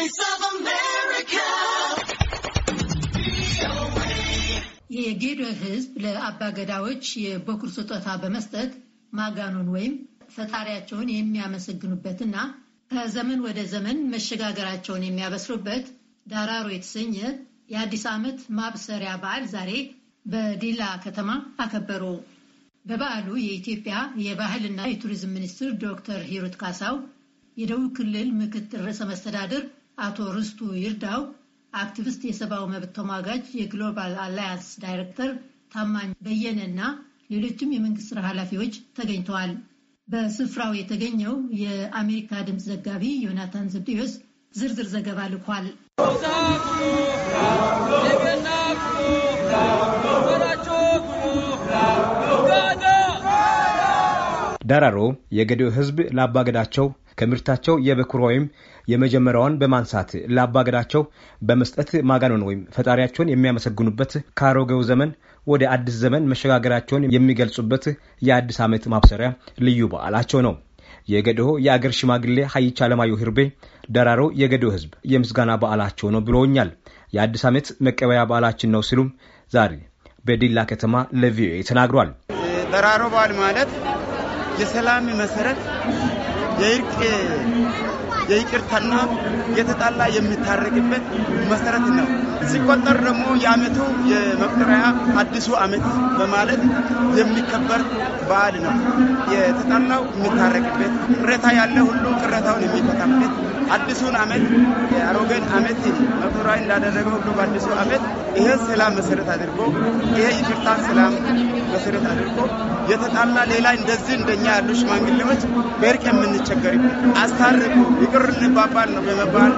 Voice of America. የጌዶ ሕዝብ ለአባገዳዎች የበኩር ስጦታ በመስጠት ማጋኑን ወይም ፈጣሪያቸውን የሚያመሰግኑበትና ከዘመን ወደ ዘመን መሸጋገራቸውን የሚያበስሩበት ዳራሮ የተሰኘ የአዲስ ዓመት ማብሰሪያ በዓል ዛሬ በዲላ ከተማ አከበሩ። በበዓሉ የኢትዮጵያ የባህልና የቱሪዝም ሚኒስትር ዶክተር ሂሩት ካሳው፣ የደቡብ ክልል ምክትል ርዕሰ መስተዳድር አቶ ርስቱ ይርዳው አክቲቪስት፣ የሰብአዊ መብት ተሟጋጅ፣ የግሎባል አላያንስ ዳይሬክተር ታማኝ በየነ እና ሌሎችም የመንግስት ስራ ኃላፊዎች ተገኝተዋል። በስፍራው የተገኘው የአሜሪካ ድምፅ ዘጋቢ ዮናታን ዘብዴዎስ ዝርዝር ዘገባ ልኳል። ደራሮ የገዲዮ ህዝብ ለአባገዳቸው ከምርታቸው የበኩር ወይም የመጀመሪያዋን በማንሳት ለአባገዳቸው በመስጠት ማጋኖን ወይም ፈጣሪያቸውን የሚያመሰግኑበት ከአሮጌው ዘመን ወደ አዲስ ዘመን መሸጋገራቸውን የሚገልጹበት የአዲስ ዓመት ማብሰሪያ ልዩ በዓላቸው ነው። የገዲዮ የአገር ሽማግሌ ሀይቻ አለማየሁ ህርቤ ደራሮ የገዲዮ ህዝብ የምስጋና በዓላቸው ነው ብሎኛል። የአዲስ ዓመት መቀበያ በዓላችን ነው ሲሉም ዛሬ በዲላ ከተማ ለቪኦኤ ተናግሯል። ደራሮ በዓል ማለት የሰላም መሰረት የእርቅ የይቅርታና የተጣላ የሚታረቅበት መሰረት ነው። ሲቆጠር ደግሞ የአመቱ የመቁጠሪያ አዲሱ አመት በማለት የሚከበር በዓል ነው። የተጣላው የሚታረቅበት ቅሬታ ያለ ሁሉ ቅሬታውን የሚፈታበት አዲሱን አመት የአሮጌን አመት መኩራዊ እንዳደረገው ሁሉ በአዲሱ አመት ይሄ ሰላም መሰረት አድርጎ ይሄ ይቅርታን ሰላም መሰረት አድርጎ የተጣላ ሌላ እንደዚህ እንደኛ ያሉ ሽማግሌዎች በእርቅ የምንቸገርበት አስታርቁ፣ ይቅር እንባባል ነው በመባል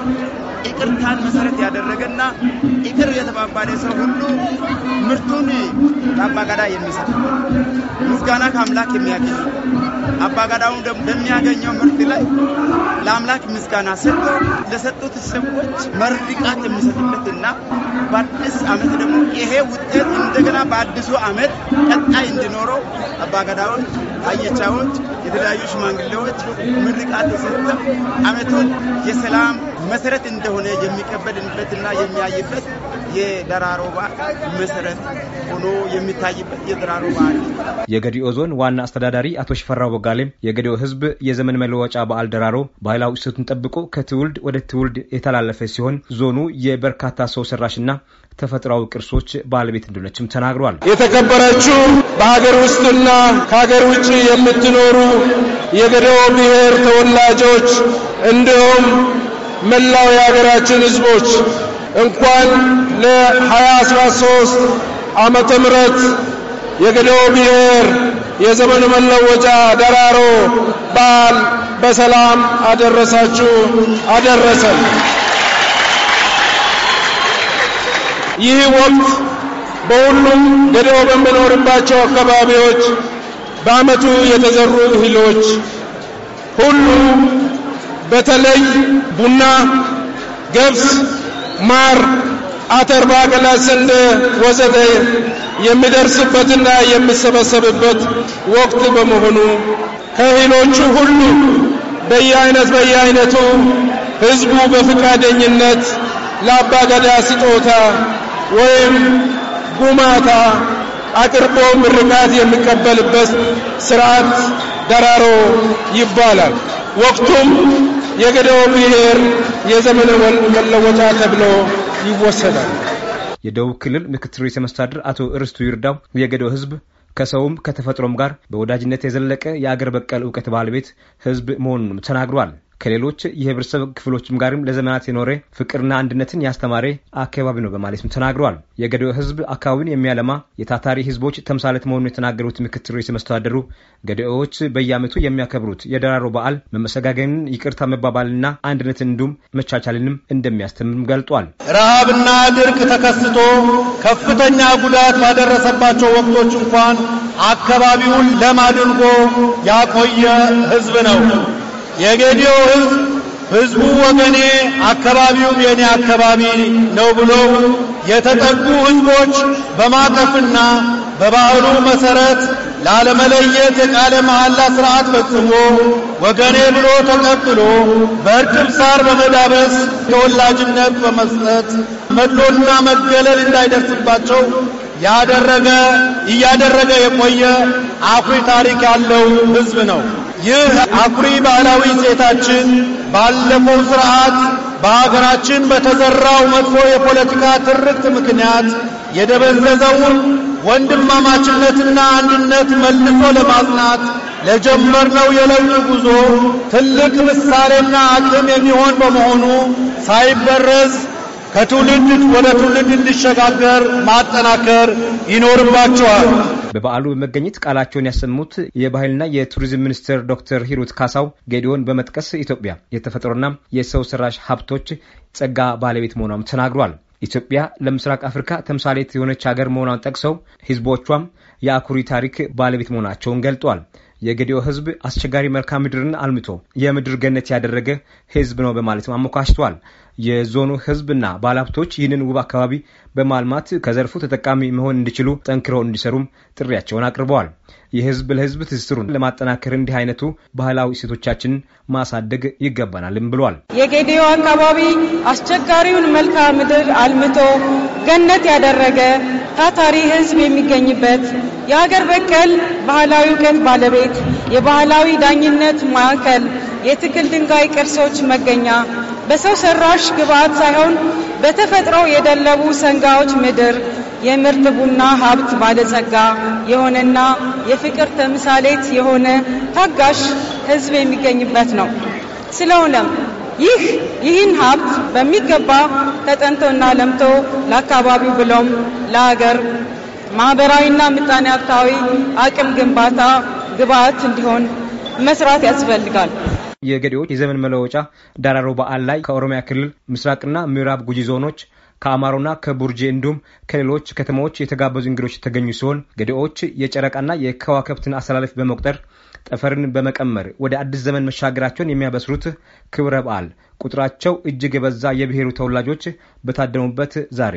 ይቅርታን መሰረት ያደረገና ይቅር የተባባለ ሰው ሁሉ ምርቱን ላባጋዳ የሚሰጥ ምስጋና ከአምላክ የሚያገኝ አባጋዳሙ በሚያገኘው ምርት ላይ ለአምላክ ምስጋና ሰጥቶ ለሰጡት ሰዎች መርቃት የሚሰጥበት እና በአዲስ ዓመት ደግሞ ይሄ ውጤት እንደገና በአዲሱ ዓመት ቀጣይ እንዲኖረው አባጋዳዎች፣ አየቻዎች፣ የተለያዩ ሽማግሌዎች ምርቃት የሰጠው ዓመቱን የሰላም መሰረት እንደሆነ የሚቀበልበትና የሚያይበት የደራሮ በዓል መሰረት ሆኖ የሚታይበት የደራሮ በዓል የገዲኦ ዞን ዋና አስተዳዳሪ አቶ ሽፈራው ቦጋሌም የገዲኦ ህዝብ የዘመን መለወጫ በዓል ደራሮ ባህላዊ እሴቱን ጠብቆ ከትውልድ ወደ ትውልድ የተላለፈ ሲሆን ዞኑ የበርካታ ሰው ሰራሽና ተፈጥሯዊ ቅርሶች ባለቤት እንደሆነችም ተናግሯል። የተከበረችው በሀገር ውስጥና ከሀገር ውጭ የምትኖሩ የገዲኦ ብሔር ተወላጆች እንዲሁም መላው የሀገራችን ህዝቦች እንኳን ለ2013 ዓመተ ምህረት የገዴኦ ብሔር የዘመን መለወጫ ደራሮ በዓል በሰላም አደረሳችሁ አደረሰን። ይህ ወቅት በሁሉም ገዴኦ በምኖርባቸው አካባቢዎች በዓመቱ የተዘሩ እህሎች ሁሉ በተለይ ቡና፣ ገብስ፣ ማር፣ አተር፣ ባቄላ፣ ስንዴ ወዘተ የሚደርስበትና የሚሰበሰብበት ወቅት በመሆኑ ከእህሎቹ ሁሉ በየአይነት በየአይነቱ ህዝቡ በፈቃደኝነት ገዳ ስጦታ ወይም ጉማታ አቅርቦ ምርቃት የሚቀበልበት ስርዓት ደራሮ ይባላል። ወቅቱም የገዳው ብሔር የዘመነ መለወጫ ተብሎ ይወሰዳል። የደቡብ ክልል ምክትል ርዕሰ መስተዳድር አቶ እርስቱ ይርዳው የገደው ህዝብ ከሰውም ከተፈጥሮም ጋር በወዳጅነት የዘለቀ የአገር በቀል እውቀት ባለቤት ህዝብ መሆኑንም ተናግሯል። ከሌሎች የህብረተሰብ ክፍሎችም ጋርም ለዘመናት የኖረ ፍቅርና አንድነትን ያስተማረ አካባቢ ነው በማለትም ተናግረዋል። የገዶ ህዝብ አካባቢን የሚያለማ የታታሪ ህዝቦች ተምሳሌት መሆኑን የተናገሩት ምክትል ርዕሰ መስተዳድሩ ገዲኦዎች በየዓመቱ የሚያከብሩት የደራሮ በዓል መመሰጋገንን፣ ይቅርታ መባባልና አንድነትን እንዲሁም መቻቻልንም እንደሚያስተምም ገልጧል። ረሃብና ድርቅ ተከስቶ ከፍተኛ ጉዳት ባደረሰባቸው ወቅቶች እንኳን አካባቢውን ለም አድርጎ ያቆየ ህዝብ ነው። የገዲዮ ህዝብ ህዝቡ ወገኔ፣ አካባቢውም የኔ አካባቢ ነው ብሎ የተጠጉ ህዝቦች በማቀፍና በባህሉ መሰረት ላለመለየት የቃለ መሐላ ሥርዓት ፈጽሞ ወገኔ ብሎ ተቀብሎ በእርጥብ ሳር በመዳበስ ተወላጅነት በመስጠት መድሎና መገለል እንዳይደርስባቸው ያደረገ እያደረገ የቆየ አኩሪ ታሪክ ያለው ህዝብ ነው። ይህ አኩሪ ባህላዊ እሴታችን ባለፈው ስርዓት በሀገራችን በተዘራው መጥፎ የፖለቲካ ትርክት ምክንያት የደበዘዘውን ወንድማማችነትና አንድነት መልሶ ለማጽናት ለጀመርነው የለውጥ ጉዞ ትልቅ ምሳሌና አቅም የሚሆን በመሆኑ ሳይበረዝ ከትውልድ ወደ ትውልድ እንዲሸጋገር ማጠናከር ይኖርባቸዋል። በበዓሉ በመገኘት ቃላቸውን ያሰሙት የባህልና የቱሪዝም ሚኒስትር ዶክተር ሂሩት ካሳው ጌዲዮን በመጥቀስ ኢትዮጵያ የተፈጥሮና የሰው ሰራሽ ሀብቶች ጸጋ ባለቤት መሆኗም ተናግሯል። ኢትዮጵያ ለምስራቅ አፍሪካ ተምሳሌት የሆነች ሀገር መሆኗን ጠቅሰው ሕዝቦቿም የአኩሪ ታሪክ ባለቤት መሆናቸውን ገልጧል። የገዲኦ ህዝብ አስቸጋሪ መልክዓ ምድርን አልምቶ የምድር ገነት ያደረገ ህዝብ ነው በማለትም አሞካሽተዋል። የዞኑ ህዝብና ባለሀብቶች ይህንን ውብ አካባቢ በማልማት ከዘርፉ ተጠቃሚ መሆን እንዲችሉ ጠንክረው እንዲሰሩም ጥሪያቸውን አቅርበዋል። የህዝብ ለህዝብ ትስስሩን ለማጠናከር እንዲህ አይነቱ ባህላዊ እሴቶቻችንን ማሳደግ ይገባናልም ብሏል። የጌዲዮ አካባቢ አስቸጋሪውን መልክዓ ምድር አልምቶ ገነት ያደረገ ታታሪ ህዝብ የሚገኝበት የሀገር በቀል ባህላዊ እውቀት ባለቤት፣ የባህላዊ ዳኝነት ማዕከል፣ የትክል ድንጋይ ቅርሶች መገኛ፣ በሰው ሰራሽ ግብዓት ሳይሆን በተፈጥሮ የደለቡ ሰንጋዎች ምድር፣ የምርት ቡና ሀብት ባለጸጋ የሆነና የፍቅር ተምሳሌት የሆነ ታጋሽ ሕዝብ የሚገኝበት ነው። ስለሆነም ይህ ይህን ሀብት በሚገባ ተጠንቶና ለምቶ ለአካባቢው ብሎም ለሀገር ማህበራዊና ምጣኔ ሀብታዊ አቅም ግንባታ ግብአት እንዲሆን መስራት ያስፈልጋል። የገዲዎች የዘመን መለወጫ ዳራሮ በዓል ላይ ከኦሮሚያ ክልል ምስራቅና ምዕራብ ጉጂ ዞኖች ከአማሮና ከቡርጄ እንዲሁም ከሌሎች ከተማዎች የተጋበዙ እንግዶች የተገኙ ሲሆን ገዲዎች የጨረቃና የከዋከብትን አሰላለፍ በመቁጠር ጠፈርን በመቀመር ወደ አዲስ ዘመን መሻገራቸውን የሚያበስሩት ክብረ በዓል ቁጥራቸው እጅግ የበዛ የብሔሩ ተወላጆች በታደሙበት ዛሬ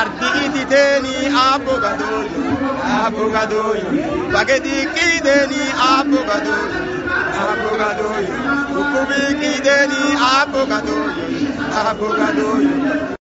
ardiiditeeni abbogadooyo abbogadooyo bagediiqiideni abbogadooyo abbogadooyo ukkubiiqiideni abbogadooyo abbogadooyo